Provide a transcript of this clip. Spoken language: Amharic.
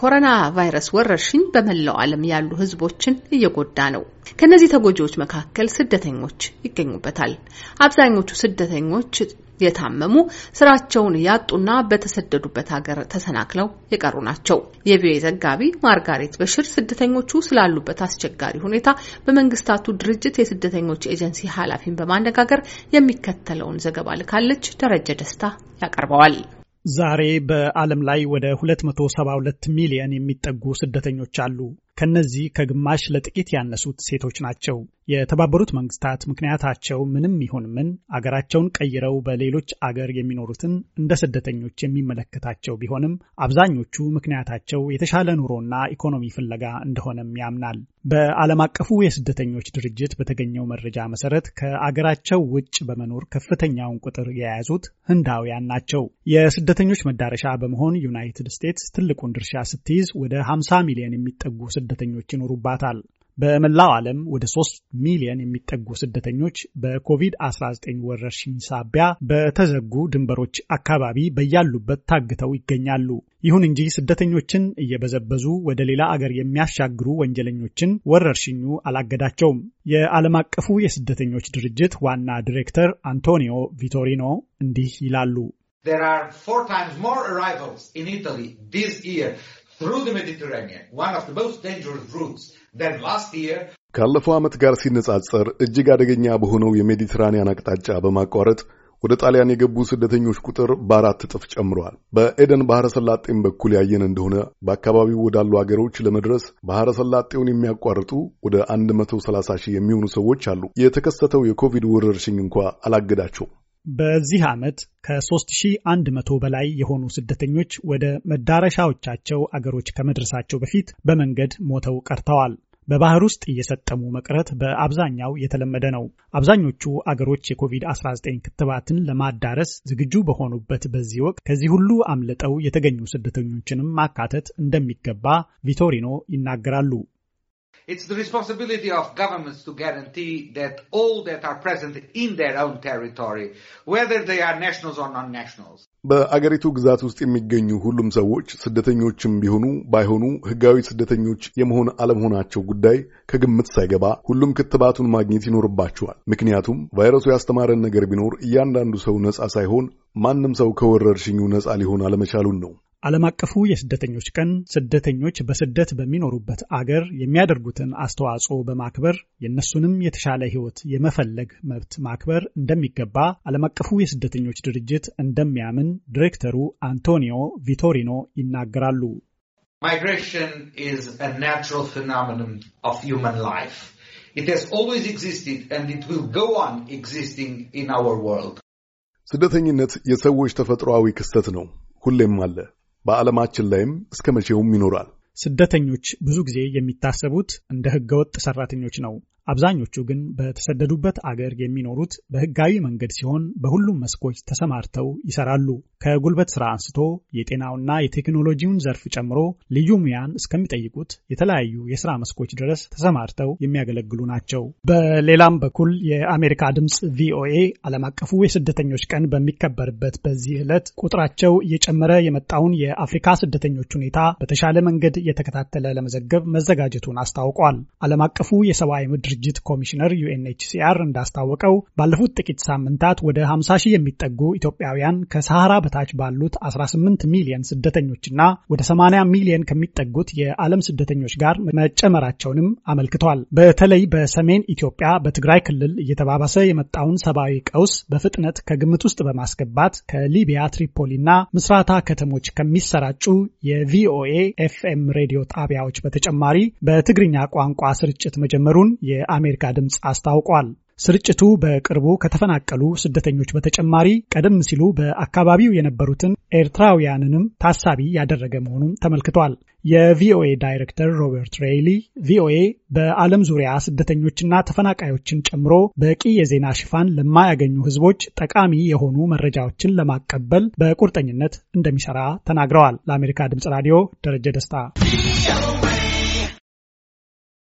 የኮሮና ቫይረስ ወረርሽኝ በመላው ዓለም ያሉ ህዝቦችን እየጎዳ ነው። ከነዚህ ተጎጂዎች መካከል ስደተኞች ይገኙበታል። አብዛኞቹ ስደተኞች የታመሙ ስራቸውን ያጡና በተሰደዱበት ሀገር ተሰናክለው የቀሩ ናቸው። የቪኦኤ ዘጋቢ ማርጋሬት በሽር ስደተኞቹ ስላሉበት አስቸጋሪ ሁኔታ በመንግስታቱ ድርጅት የስደተኞች ኤጀንሲ ኃላፊን በማነጋገር የሚከተለውን ዘገባ ልካለች። ደረጀ ደስታ ያቀርበዋል። ዛሬ በዓለም ላይ ወደ 272 ሚሊዮን የሚጠጉ ስደተኞች አሉ። ከነዚህ ከግማሽ ለጥቂት ያነሱት ሴቶች ናቸው። የተባበሩት መንግስታት ምክንያታቸው ምንም ይሁን ምን አገራቸውን ቀይረው በሌሎች አገር የሚኖሩትን እንደ ስደተኞች የሚመለከታቸው ቢሆንም አብዛኞቹ ምክንያታቸው የተሻለ ኑሮና ኢኮኖሚ ፍለጋ እንደሆነም ያምናል። በዓለም አቀፉ የስደተኞች ድርጅት በተገኘው መረጃ መሰረት ከአገራቸው ውጭ በመኖር ከፍተኛውን ቁጥር የያዙት ህንዳውያን ናቸው። የስደተኞች መዳረሻ በመሆን ዩናይትድ ስቴትስ ትልቁን ድርሻ ስትይዝ ወደ 50 ሚሊዮን የሚጠጉ ስደተኞች ይኖሩባታል። በመላው ዓለም ወደ 3 ሚሊዮን የሚጠጉ ስደተኞች በኮቪድ-19 ወረርሽኝ ሳቢያ በተዘጉ ድንበሮች አካባቢ በያሉበት ታግተው ይገኛሉ። ይሁን እንጂ ስደተኞችን እየበዘበዙ ወደ ሌላ አገር የሚያሻግሩ ወንጀለኞችን ወረርሽኙ አላገዳቸውም። የዓለም አቀፉ የስደተኞች ድርጅት ዋና ዲሬክተር አንቶኒዮ ቪቶሪኖ እንዲህ ይላሉ። through the Mediterranean, one of the most dangerous routes then last year. ካለፈው ዓመት ጋር ሲነጻጸር እጅግ አደገኛ በሆነው የሜዲትራኒያን አቅጣጫ በማቋረጥ ወደ ጣሊያን የገቡ ስደተኞች ቁጥር በአራት እጥፍ ጨምረዋል። በኤደን ባህረ ሰላጤን በኩል ያየን እንደሆነ በአካባቢው ወዳሉ አገሮች ለመድረስ ባህረ ሰላጤውን የሚያቋርጡ ወደ 130 ሺህ የሚሆኑ ሰዎች አሉ። የተከሰተው የኮቪድ ወረርሽኝ እንኳ አላገዳቸውም። በዚህ ዓመት ከ3100 በላይ የሆኑ ስደተኞች ወደ መዳረሻዎቻቸው አገሮች ከመድረሳቸው በፊት በመንገድ ሞተው ቀርተዋል። በባህር ውስጥ እየሰጠሙ መቅረት በአብዛኛው የተለመደ ነው። አብዛኞቹ አገሮች የኮቪድ-19 ክትባትን ለማዳረስ ዝግጁ በሆኑበት በዚህ ወቅት ከዚህ ሁሉ አምልጠው የተገኙ ስደተኞችንም ማካተት እንደሚገባ ቪቶሪኖ ይናገራሉ። It's the responsibility of governments to guarantee that all that are present in their own territory, whether they are nationals or non-nationals. በአገሪቱ ግዛት ውስጥ የሚገኙ ሁሉም ሰዎች ስደተኞችም ቢሆኑ ባይሆኑ ሕጋዊ ስደተኞች የመሆን አለመሆናቸው ጉዳይ ከግምት ሳይገባ ሁሉም ክትባቱን ማግኘት ይኖርባቸዋል። ምክንያቱም ቫይረሱ ያስተማረን ነገር ቢኖር እያንዳንዱ ሰው ነፃ ሳይሆን ማንም ሰው ከወረርሽኙ ነፃ ሊሆን አለመቻሉን ነው። ዓለም አቀፉ የስደተኞች ቀን ስደተኞች በስደት በሚኖሩበት አገር የሚያደርጉትን አስተዋጽኦ በማክበር የእነሱንም የተሻለ ሕይወት የመፈለግ መብት ማክበር እንደሚገባ ዓለም አቀፉ የስደተኞች ድርጅት እንደሚያምን ዲሬክተሩ አንቶኒዮ ቪቶሪኖ ይናገራሉ። ማይግሬሽን ኢዝ አ ናቹራል ኦፍ ሂውማን ላይፍ ኢት ሃዝ ኦልዌይዝ ኤግዚስትድ ኤንድ ኦን ኤግዚስቲንግ ኢን አወር ወርልድ ስደተኝነት የሰዎች ተፈጥሮዊ ክስተት ነው፣ ሁሌም አለ። በዓለማችን ላይም እስከ መቼውም ይኖራል። ስደተኞች ብዙ ጊዜ የሚታሰቡት እንደ ህገወጥ ሰራተኞች ነው። አብዛኞቹ ግን በተሰደዱበት አገር የሚኖሩት በህጋዊ መንገድ ሲሆን በሁሉም መስኮች ተሰማርተው ይሰራሉ። ከጉልበት ስራ አንስቶ የጤናውና የቴክኖሎጂውን ዘርፍ ጨምሮ ልዩ ሙያን እስከሚጠይቁት የተለያዩ የስራ መስኮች ድረስ ተሰማርተው የሚያገለግሉ ናቸው። በሌላም በኩል የአሜሪካ ድምፅ ቪኦኤ ዓለም አቀፉ የስደተኞች ቀን በሚከበርበት በዚህ ዕለት ቁጥራቸው እየጨመረ የመጣውን የአፍሪካ ስደተኞች ሁኔታ በተሻለ መንገድ እየተከታተለ ለመዘገብ መዘጋጀቱን አስታውቋል። ዓለም አቀፉ የሰብአዊ ምድር ድርጅት ኮሚሽነር ዩኤንኤችሲአር እንዳስታወቀው ባለፉት ጥቂት ሳምንታት ወደ 50 ሺህ የሚጠጉ ኢትዮጵያውያን ከሰሃራ በታች ባሉት 18 ሚሊዮን ስደተኞችና ወደ 80 ሚሊዮን ከሚጠጉት የዓለም ስደተኞች ጋር መጨመራቸውንም አመልክቷል። በተለይ በሰሜን ኢትዮጵያ በትግራይ ክልል እየተባባሰ የመጣውን ሰብአዊ ቀውስ በፍጥነት ከግምት ውስጥ በማስገባት ከሊቢያ ትሪፖሊና ምስራታ ከተሞች ከሚሰራጩ የቪኦኤ ኤፍኤም ሬዲዮ ጣቢያዎች በተጨማሪ በትግርኛ ቋንቋ ስርጭት መጀመሩን የ የአሜሪካ ድምፅ አስታውቋል። ስርጭቱ በቅርቡ ከተፈናቀሉ ስደተኞች በተጨማሪ ቀደም ሲሉ በአካባቢው የነበሩትን ኤርትራውያንንም ታሳቢ ያደረገ መሆኑን ተመልክቷል። የቪኦኤ ዳይሬክተር ሮበርት ሬይሊ ቪኦኤ በዓለም ዙሪያ ስደተኞችና ተፈናቃዮችን ጨምሮ በቂ የዜና ሽፋን ለማያገኙ ሕዝቦች ጠቃሚ የሆኑ መረጃዎችን ለማቀበል በቁርጠኝነት እንደሚሰራ ተናግረዋል። ለአሜሪካ ድምፅ ራዲዮ ደረጀ ደስታ